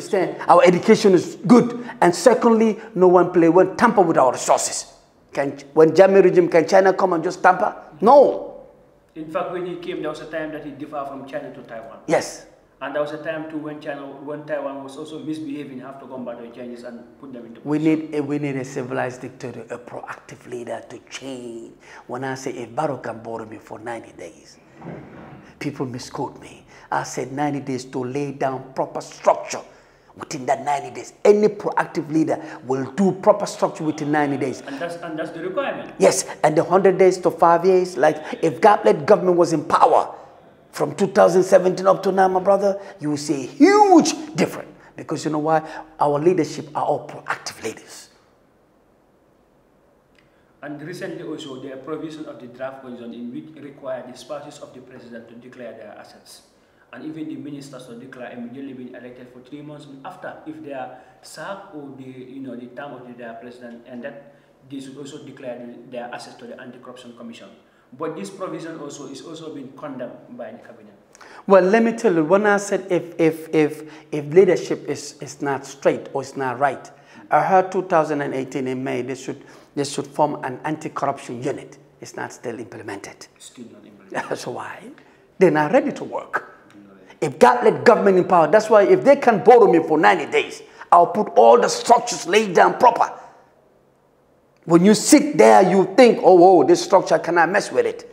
understand? Our education is good. And secondly, no one play when tamper with our resources. Can, when German regime, can China come and just tamper? No. In fact, when he came, there was a time that he differed from China to Taiwan. Yes. And there was a time too when China, when Taiwan was also misbehaving, have to come back to the Chinese and put them into. Position. We need a, we need a civilized dictator, a proactive leader to change. When I say if Barrow can borrow me for 90 days, people misquote me. I said 90 days to lay down proper structure within that 90 days. Any proactive leader will do proper structure within 90 days. And that's, and that's the requirement. Yes, and the 100 days to five years, like if Gablet government was in power from 2017 up to now, my brother, you will see a huge difference. Because you know why? Our leadership are all proactive leaders. And recently also, the provision of the draft constitution in which require the spouses of the president to declare their assets and even the ministers of declare immediately being elected for three months after if they are sacked or the you know the term of their president and that they should also declare their access to the anti-corruption commission but this provision also is also being condemned by the cabinet well let me tell you when i said if if if if leadership is is not straight or it's not right i heard 2018 in may they should they should form an anti-corruption unit it's not still implemented still not implemented that's why they're not ready to work if God let government in power, that's why if they can borrow me for 90 days, I'll put all the structures laid down proper. When you sit there, you think, oh, oh, this structure, can I mess with it?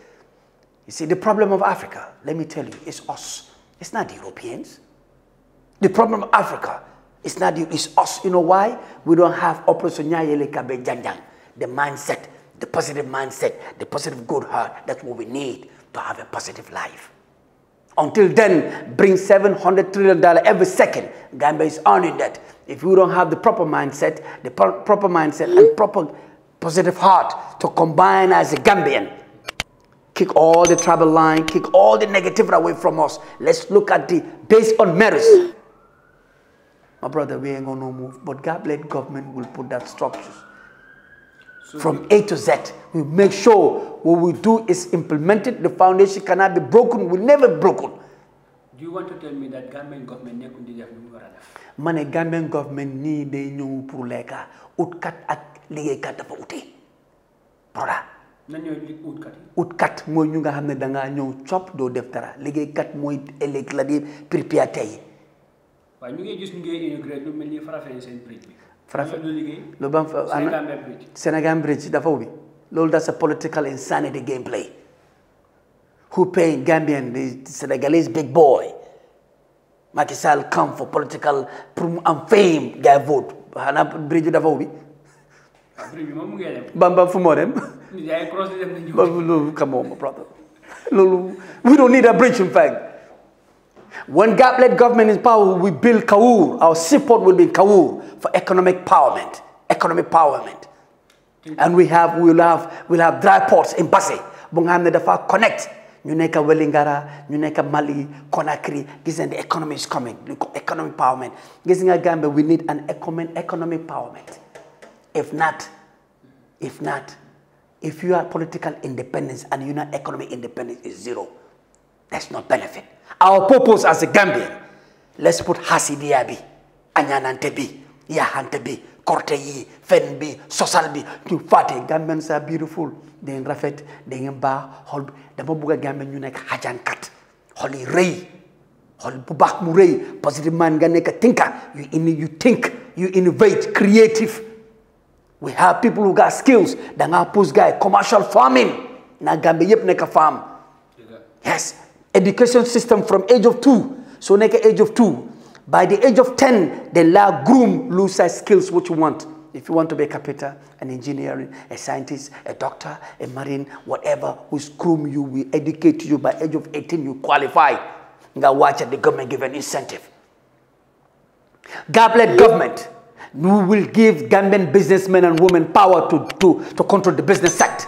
You see, the problem of Africa, let me tell you, is us. It's not the Europeans. The problem of Africa is not the, it's us. You know why? We don't have Operation Nyayele Kabe Janjang, the mindset, the positive mindset, the positive good heart. That's what we need to have a positive life. Until then, bring $700 trillion every second. Gambia is earning that. If you don't have the proper mindset, the pro proper mindset and proper positive heart to combine as a Gambian, kick all the trouble line, kick all the negativity away from us. Let's look at the based on merits. My brother, we ain't gonna move. But God bless government will put that structures from A to Z. We make sure what we do is implemented. The foundation cannot be broken, will never broken. Do you want to tell me that Gambian government need di def lu wara Mané Gambian government need day ñew pour lekka at kat the liggéey brother. dafa uté. Voilà. mo ñoy hamne danga Ut chop do def dara. Liggéey kat moy élek la di pripia tay. Wa ñu ngi gis ñu ngi inauguré lu bridge Farafenni lu liggéey. lu ban fa Sénégal Bridge Sénégal Bridge dafa loolu that's a political insanity game play who paying Gambian the Senegalese big boy Macky come for political and fame vote bridge dafa ubbi. Ah, bridge moom mu ngi dem. bambam fu loolu we don't need a bridge in fact. When God led government in power, we build Kawur. Our seaport will be Kawur for economic empowerment. Economic empowerment. And we have, we'll have, we'll have dry ports in Basi. Bungamne dafa connect. ñu Wellingara ñu Mali Conakry This ngeen the economy is coming economic empowerment gis nga Gambia we need an economic empowerment if not if not if you are political independence and you not economic independence is zero that's not benefit. Our purpose as a Gambian, let's put Hasidiabi, Anyanantebi, Yahantebi, Korteyi, Fenbi, Sosalbi. to fat Gambians are beautiful. They in Rafet, they in Ba, Hol, the are Gambian, you like Hajankat, Holy Ray, Holy Bubak murei. positive man, Ganeka thinker. You, in, you think, you innovate, creative. We have people who got skills. Danga push guy, commercial farming. Na Gambia yep neka farm. Yes, education system from age of two. So like age of two. By the age of 10, the la groom lose skills what you want. If you want to be a carpenter, an engineer, a scientist, a doctor, a marine, whatever, we groom you, we educate you. By age of 18, you qualify. Now watch it, the government give an incentive. Goblet government we will give Gambian businessmen and women power to, to, to control the business sector.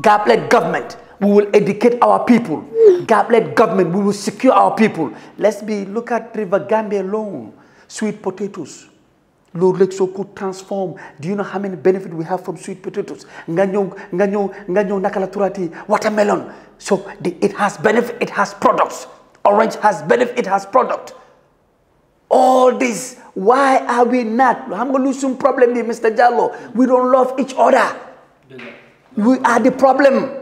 Goblet government we will educate our people. led government, we will secure our people. Let's be, look at River Gambia alone. Sweet potatoes. Lord Lexo could transform. Do you know how many benefit we have from sweet potatoes? Ganyo, ganyo, ganyo, nakalaturati, watermelon. So the, it has benefit, it has products. Orange has benefit, it has product. All this, why are we not? I'm going to lose some problem here, Mr. Jallo. We don't love each other. We are the problem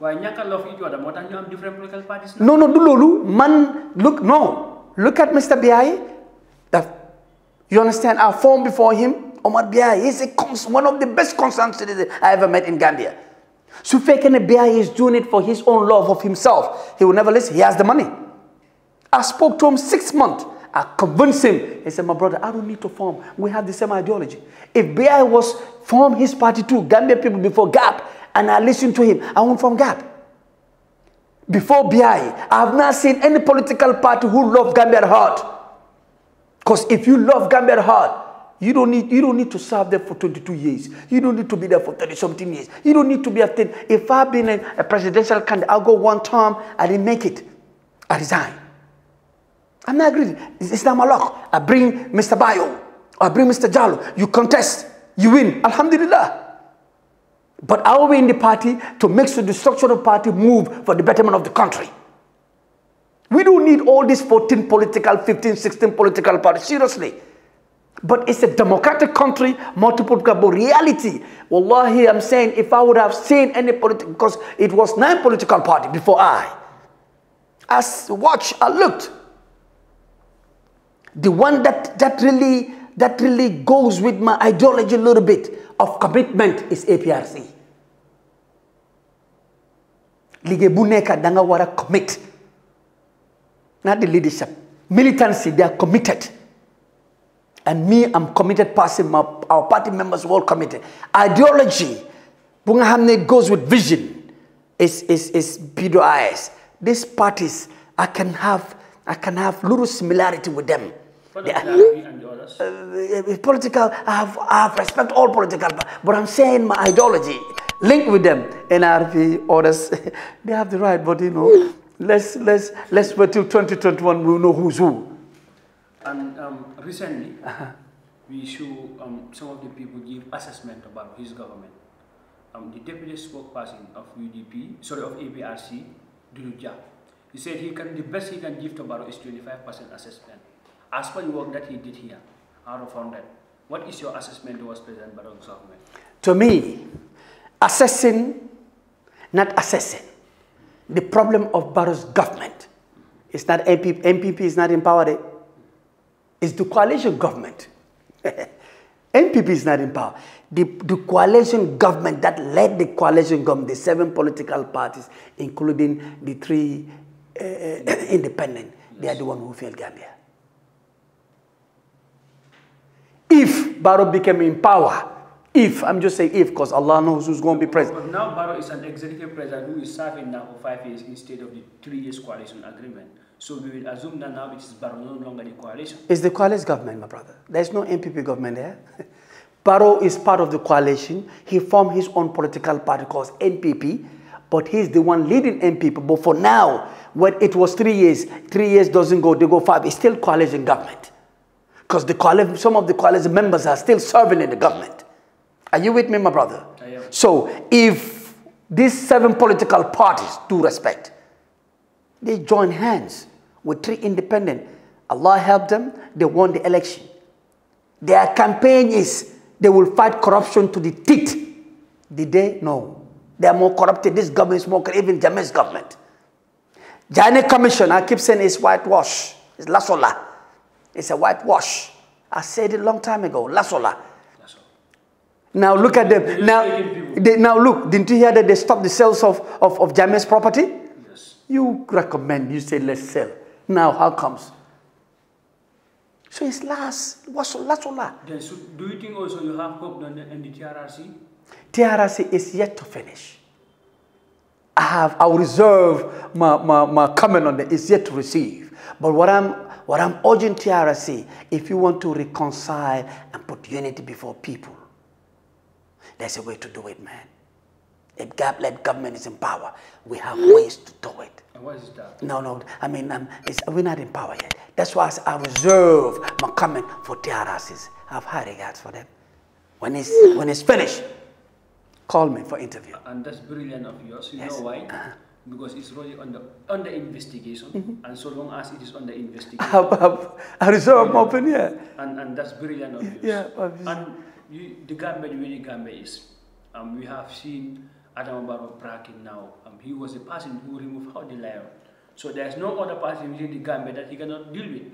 waaye ñàkk a love each other moo tax ñu am different political parties. no, no, du no. man look no look at Mr. Bi. that you understand our form before him Omar Biaye is a one of the best concerned citizens I ever met in Gambia. So Fekene Biaye is doing it for his own love of himself. He will never listen. He has the money. I spoke to him six months. I convinced him. He said, my brother, I don't need to form. We have the same ideology. If Bi was form his party too, Gambia people before GAP, and I listened to him. I went from Gab. Before BI, I have not seen any political party who love Gambia hard. Because if you love Gambia hard, you don't need you don't need to serve there for 22 years. You don't need to be there for 30 something years. You don't need to be a thing. If I've been a, a presidential candidate, I'll go one term. I didn't make it. I resign. I'm not greedy. It's, it's not my luck. I bring Mr. Bayo. I bring Mr. Jalo. You contest. You win. Alhamdulillah. But are we in the party to make sure the structure of the party move for the betterment of the country? We don't need all these 14 political, 15, 16 political parties, seriously. But it's a democratic country, multiple political reality. Wallahi, I'm saying if I would have seen any political, because it was nine political party before I. I watched, I looked. The one that, that really that really goes with my ideology a little bit of commitment is APRC liggéey bu nekk da commit not the leadership militancy they are committed and me I'm committed Passing my our party members all committed ideology bu goes with vision is is is PDOIS these parties I can have I can have little similarity with them yeah. Uh, uh, political, I have, I have respect all political, but I'm saying my ideology, link with them. NRP, others, they have the right, but you know, let's, let's, let's wait till 2021, we'll know who's who. And um, recently, uh -huh. we saw um, some of the people give assessment about his government. Um, the deputy spokesperson of UDP, sorry, of APRC, Duduja, he said he can, the best he can give to Baro is 25% assessment as for the work that he did here, out of what is your assessment towards President Barong government? To me, assessing, not assessing, the problem of Barrow's government is not MPP, MPP is not empowered. It's the coalition government. MPP is not in power. The, the coalition government that led the coalition government, the seven political parties, including the three uh, uh independent, yes. they are the one who failed Gambia. If Barrow became in power, if, I'm just saying if, because Allah knows who's going to be president. But Now Barrow is an executive president who is serving now for five years instead of the three years coalition agreement. So we will assume that now it is Barrow no longer the coalition. It's the coalition government, my brother. There's no MPP government there. Barrow is part of the coalition. He formed his own political party called NPP, but he's the one leading NPP. But for now, when it was three years, three years doesn't go, they go five. It's still coalition government. Because some of the coalition members are still serving in the government. Are you with me, my brother? I am. So if these seven political parties do respect, they join hands with three independent. Allah help them, they won the election. Their campaign is they will fight corruption to the teeth. Did they? No. They are more corrupted. This government is more corrupt, even James government. Janet Commission, I keep saying it's whitewash. It's lasola. It's a whitewash. I said it a long time ago. Lasola. Now look at them. Now, they, now look, didn't you hear that they stopped the sales of, of, of Jame's property? Yes. You recommend, you say, let's sell. Now, how comes? So it's last. What's all that? so do you think also you have hope in the, on the TRRC? TRRC is yet to finish. I have, I'll reserve my, my, my comment on it. It's yet to receive. But what I'm what I'm urging TRC, if you want to reconcile and put unity before people, there's a way to do it, man. If let government is in power, we have ways to do it. And what is that? No, no, I mean, um, we're not in power yet. That's why I reserve my comment for TRCs. I have high regards for them. When it's, when it's finished, call me for interview. And that's brilliant of yours. You yes. know why? Uh -huh because it's really under under investigation, mm -hmm. and so long as it is under investigation, I reserve my opinion. And and that's brilliant of you. Yeah, obviously. And you, the Gambia, really the Gambia is, um, we have seen Adam Barrow bragging now. Um, he was the person who removed out the lion. So there's no other person within the Gambia that he cannot deal with.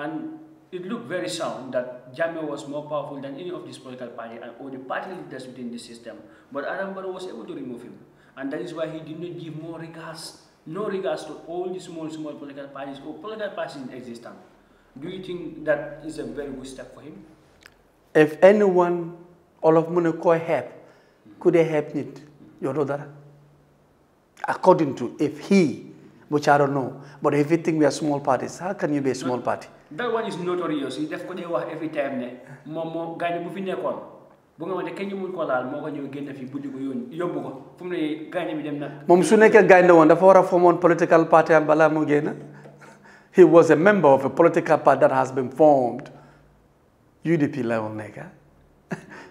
And it looked very sound that Jammeh was more powerful than any of these political party and all the party leaders within the system. But Adam Barrow was able to remove him. And that is why he did not give more regards, no regards to all the small, small political parties or political parties in existence. Do you think that is a very good step for him? If anyone, all of Muniko help, could they help it? Your daughter? According to, if he, which I don't know, but if you think we are small parties, how can you be a small party? That one is notorious. He definitely every time. more, Gani, bu nga xamante kenn ñu mun koo laal moo ko ñëw génn fii buddi ko yónni yóbbu ko fu mu ne gaynde bi dem na. moom su nekkee gaynde woon dafa war a fomoon political party am balaa mu génn he was a member of a political party that has been formed UDP la woon nekk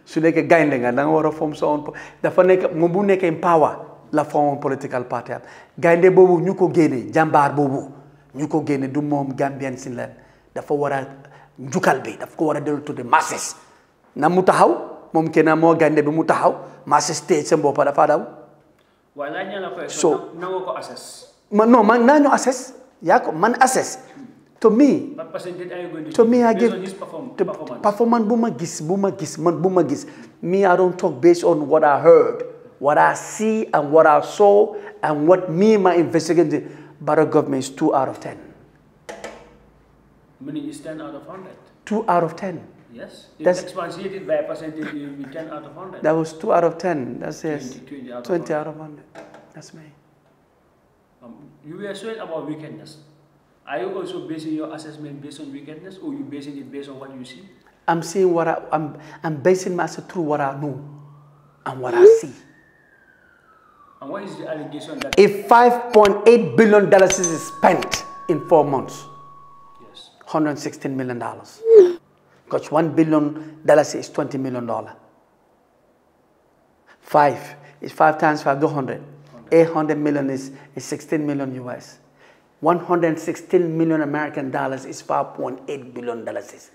su nekkee gaynde nga da nga war a form sa own dafa nekk moom bu nekkee power la formoon political party am gaynde boobu ñu ko génne jàmbaar boobu ñu ko génne du moom Gambian si leen dafa war a njukkal bi daf ko war a dellu to the masses na mu taxaw. moom kenn moo gaynde bi mu taxaw maa si stage seen bopp dafa daw. waaw laaj na man naa ñu assess yaa ko man assess. to me to me I give performance bu ma gis bu ma gis man bu ma gis me I don't talk based on what I heard what I see and what I saw and what me my investigation Barrow government is Two out of ten. Yes. That's, x did by percentage, it will be 10 out of 100. That was 2 out of 10. That's says 20, 20, out, 20 of out, of 100. That's me. Um, you were saying about wickedness. Are you also basing your assessment based on wickedness or you basing it based on what you see? I'm seeing what I, I'm, I'm basing myself through what I know and what I see. And what is the allegation that... If $5.8 billion is spent in four months, yes. $116 million because one billion dollars is twenty million dollar. Five is five times five, two hundred. Eight hundred million is, is sixteen million US. One hundred sixteen million American dollars is five point eight billion dollars.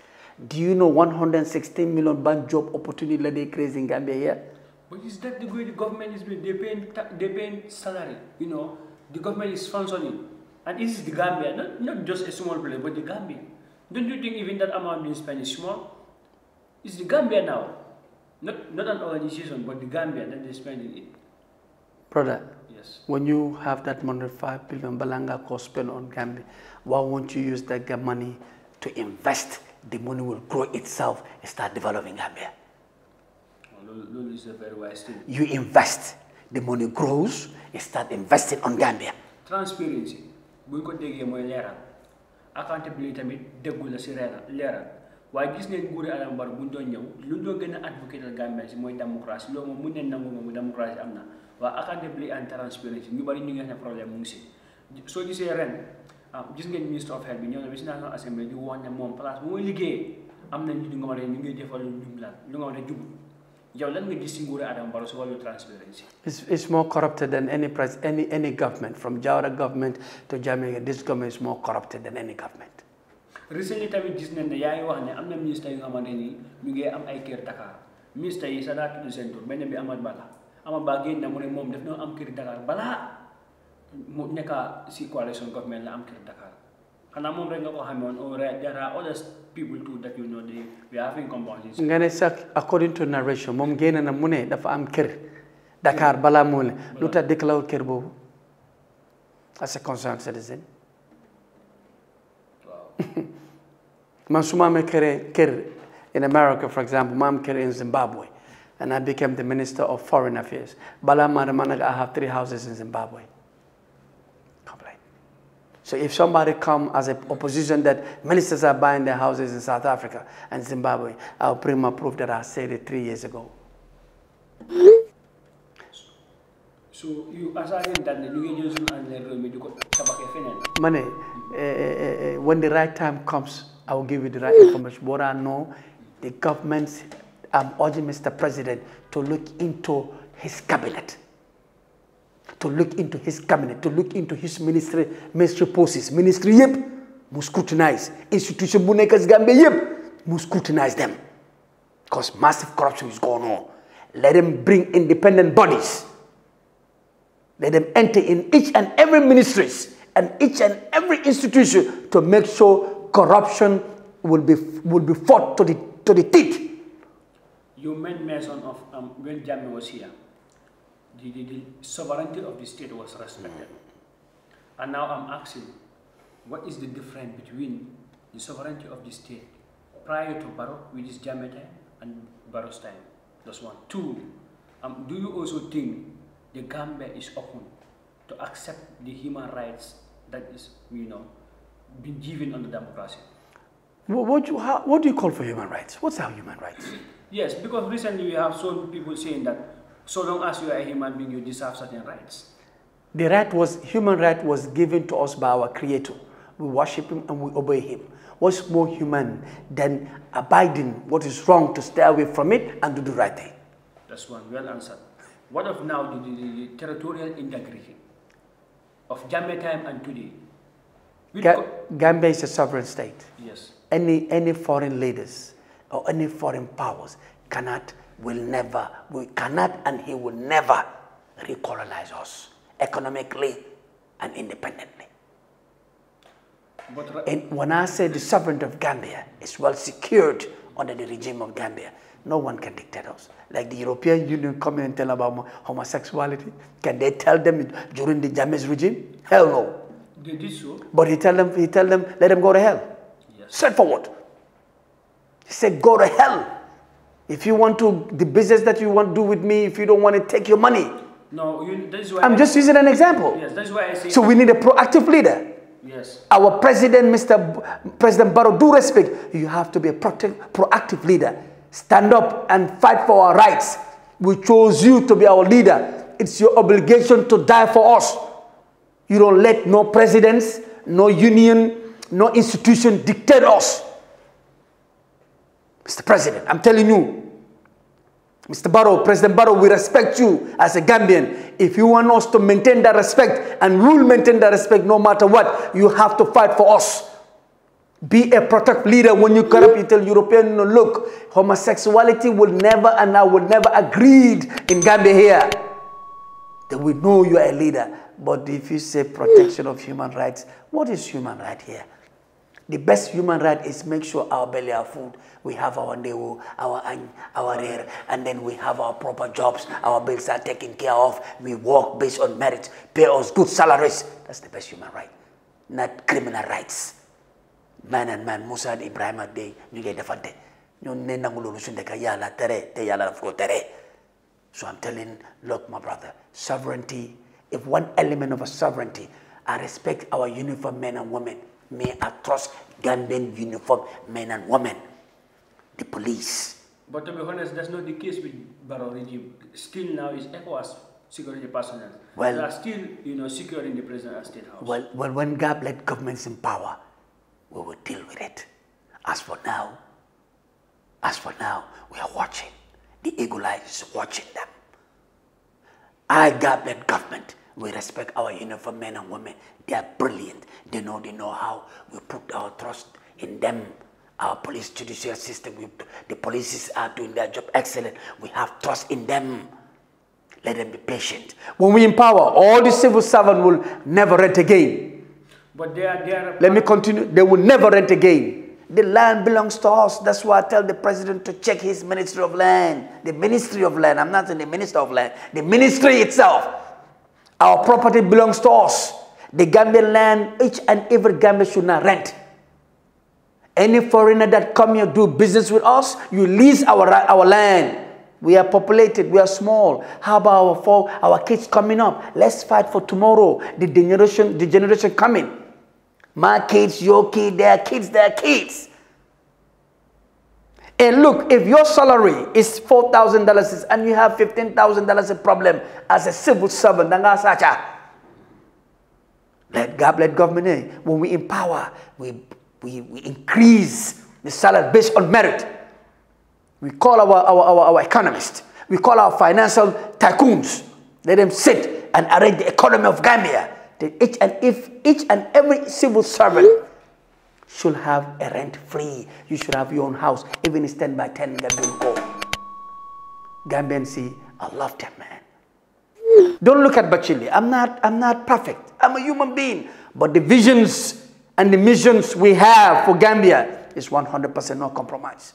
Do you know 116 million bank job opportunity that they crazy in Gambia here? But is that the way the government is They paying they paying salary. You know, the government is sponsoring, and this is the Gambia, not, not just a small place, but the Gambia. Don't you think even that amount spent Spanish small? It's the Gambia now. Not, not an organization, but the Gambia that they're spending it. Brother, yes. when you have that money, 5 billion Balanga cost spent on Gambia, why won't you use that money to invest? The money will grow itself and start developing Gambia. Well, oh, is a very wise thing. You invest, the money grows, and start investing on Gambia. Transparency. We could take a more accountability tamit déggu la si reera leeral waaye gis ngeen nguuri adam bar buñ doon ñëw lu doon gën a advocate al gambie si mooy démocratie loolu moom mu ne nangu moom démocratie am na accountability and transparency ñu bari ñu ngi xam problème mu ngi si soo gisee ah, ren gis ngeen ministre of health bi ñëw na ba si national assemblée di woon ne moom place bu muy liggéeyee am na ñu nga ma ne ñu ngi defal ñu laal ñu nga ma ne it's it's more corrupted than any pres any any government from Jawara government to Jammeh this government is more corrupted than any government. recently we gis nañ that yaa ngi wax ne am na ministre yu nga in ni ñu ngi am ay kër Dakar ministre yi sax daa tudd seen tur benn bi Amad Ba la Amad Ba génn na mu ne moom daf na am kër Dakar balaa mu nekk si coalition government la am kër Dakar xanaa moom there are other people too that you know they nga ne according to narration Mom génne na mu ne dafa am kër Dakar balaa moo ne lu tax kër boobu as a concerned citizen man suma me kër kër in America for example Mom kër in Zimbabwe and I became the minister of foreign affairs balaa maa ne I have three houses in Zimbabwe so if somebody come as an opposition that ministers are buying their houses in South Africa and Zimbabwe, I'll bring my proof that I said it three years ago. So you that and Money, eh, eh, eh, when the right time comes, I will give you the right information. What I know, the government, I'm urging Mr. President to look into his cabinet to look into his cabinet, to look into his ministry, ministry poses, ministry yep, must scrutinize. Institution bu nekk Gambia yep, must scrutinize them. Because massive corruption is going on. Let them bring independent bodies. Let them enter in each and every ministries and each and every institution to make sure corruption will be, will be fought to the, to the teeth. You made mention of um, when Jamie was here the, the, the sovereignty of the state was respected. Hmm. And now I'm asking, what is the difference between the sovereignty of the state prior to Baro which is Jammeh time, and Barrow's time? That's one. Two, um, do you also think the Gambia is open to accept the human rights that is, you know, been given under democracy? What, do you, how, what do you call for human rights? What's our human rights? yes, because recently we have seen people saying that so long as you are a human being, you deserve certain rights. The right was, human right was given to us by our creator. We worship him and we obey him. What's more human than abiding what is wrong to stay away from it and do the right thing? That's one, well answered. What of now the, the, the territorial integrity of Gambia time and today? Ga Gambia is a sovereign state. Yes. Any, any foreign leaders or any foreign powers cannot will never, we cannot and he will never recolonize us economically and independently. But and when I say the sovereignty of Gambia is well secured under the regime of Gambia, no one can dictate us. Like the European Union come and tell about homosexuality. Can they tell them during the James regime? Hell no. They did so. But he tell them, he tell them, let them go to hell. Yes. what? He said, go to hell if you want to, the business that you want to do with me, if you don't want to take your money. No, you, that is why I'm I, just using an example. Yes, that is why I say. So we need a proactive leader. Yes. Our president, Mr. B president Barrow, do respect. You have to be a pro proactive leader. Stand up and fight for our rights. We chose you to be our leader. It's your obligation to die for us. You don't let no presidents, no union, no institution dictate us. Mr. President, I'm telling you, Mr. Barrow, President Barrow, we respect you as a Gambian. If you want us to maintain that respect, and rule will maintain that respect no matter what, you have to fight for us. Be a protect leader when you corrupt, you tell European, no, look, homosexuality will never and I will never agreed in Gambia here. Then we know you are a leader. But if you say protection of human rights, what is human right here? The best human right is make sure our belly are food, we have our ndewu, our our rear, and then we have our proper jobs, our bills are taken care of, we work based on merit, pay us good salaries. That's the best human right, not criminal rights. Man and man, Musa and Ibrahim and they, you get the fante. So I'm telling, look, my brother, sovereignty, if one element of a sovereignty, I respect our uniform, men and women, may across Gambian uniform men and women, the police. But to be honest, that's not the case with Barrow regime. Still now is ECOWAS security personnel. Well, they are still, you know, securing the prison and state house. Well, well when GAP led governments in power, we will deal with it. As for now, as for now, we are watching. The eagle eye is watching them. I, GAP led government, we respect our uniform men and women. They are brilliant. They know they know how. We put our trust in them. Our police judicial system, we, the police are doing their job excellent. We have trust in them. Let them be patient. When we empower, all the civil servants will never rent again. But they are, they are Let me continue. They will never rent again. The land belongs to us. That's why I tell the president to check his ministry of land. The ministry of land. I'm not in the minister of land. The ministry itself our property belongs to us. The Gambian land, each and every Gambian should not rent. Any foreigner that come here do business with us, you lease our, our land. We are populated, we are small. How about our, our kids coming up? Let's fight for tomorrow, the generation, the generation coming. My kids, your kids, their kids, their kids. And look, if your salary is $4,000 and you have $15,000 a problem as a civil servant, let God, let government in. Eh, when we empower, we, we, we increase the salary based on merit. We call our, our, our, our economists. We call our financial tycoons. Let them sit and arrange the economy of Gambia. each and if each and every civil servant should have a rent free. You should have your own house, even it's 10 by 10 Gambian gold. Gambian see, I love them, man. Don't look at Bachili. I'm not, I'm not perfect. I'm a human being. But the visions and the missions we have for Gambia is 100% no compromise.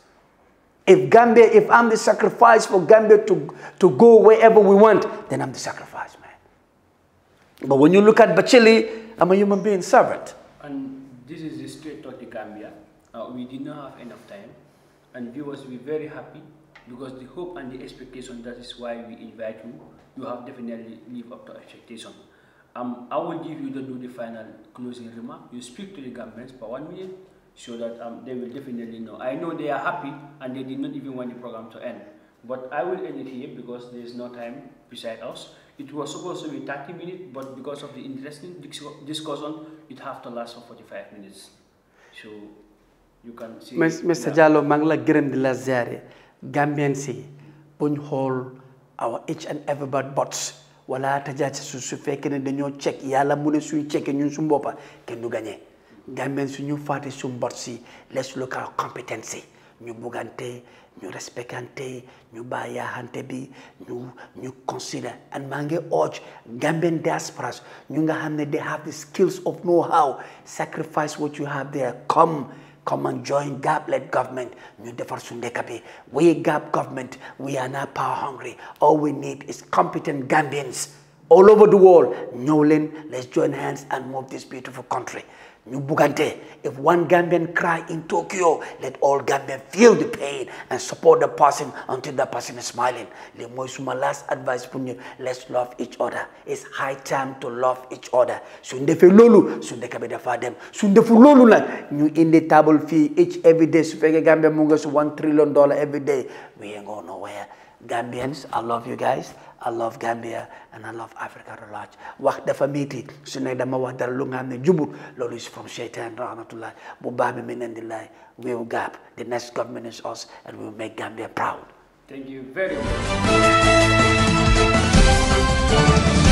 If Gambia, if I'm the sacrifice for Gambia to, to go wherever we want, then I'm the sacrifice, man. But when you look at Bachili, I'm a human being servant. And this is the straight talk the Gambia. Uh, we did not have enough time, and viewers will be very happy because the hope and the expectation that is why we invite you. You have definitely lived up to expectation. Um, I will give you the do the final closing remark. You speak to the governments for one minute so that um, they will definitely know. I know they are happy and they did not even want the program to end. But I will end it here because there is no time beside us. It was supposed to be 30 minutes, but because of the interesting discussion, it have to last for 45 minutes. So you can see. Mr. Jallo, Mangla Grim de la Zare, Gambian Sea, Bunj Hall, our each and every bird bots. wala ta jaci su su fekke ne dañoo check yàlla mu ne suñ checké ñun suñ boppa kenn du gagné gambien suñu faate suñ bot si lesu lu ka compétence yi ñu bugante, ñu respectante ñu bayahante bi ñu ñu consider and maa urge Gambian diaspora. ñu nga xam they have the skills of know how sacrifice what you have there come come and join GAP-led government. We GAP government, we are not power hungry. All we need is competent Gambians all over the world. Nolan, let's join hands and move this beautiful country. Bugante, if one Gambian cry in Tokyo, let all Gambian feel the pain and support the person until the person is smiling. my last advice for you, let's love each other. It's high time to love each other. Sundefe lolu, sundeka be dafa dem. Sundefu lolu nak, new in the table fee each every day. Sufeke Gambia mungas one trillion dollar every day. We ain't going nowhere. Gambians, I love you guys. I love Gambia and I love Africa at large wax dafa métti su ne dama wax dara lu nga jubut is from shaitan rahmatullah bu baax bi we will gap the next government is us and we will make Gambia proud. Thank you very much.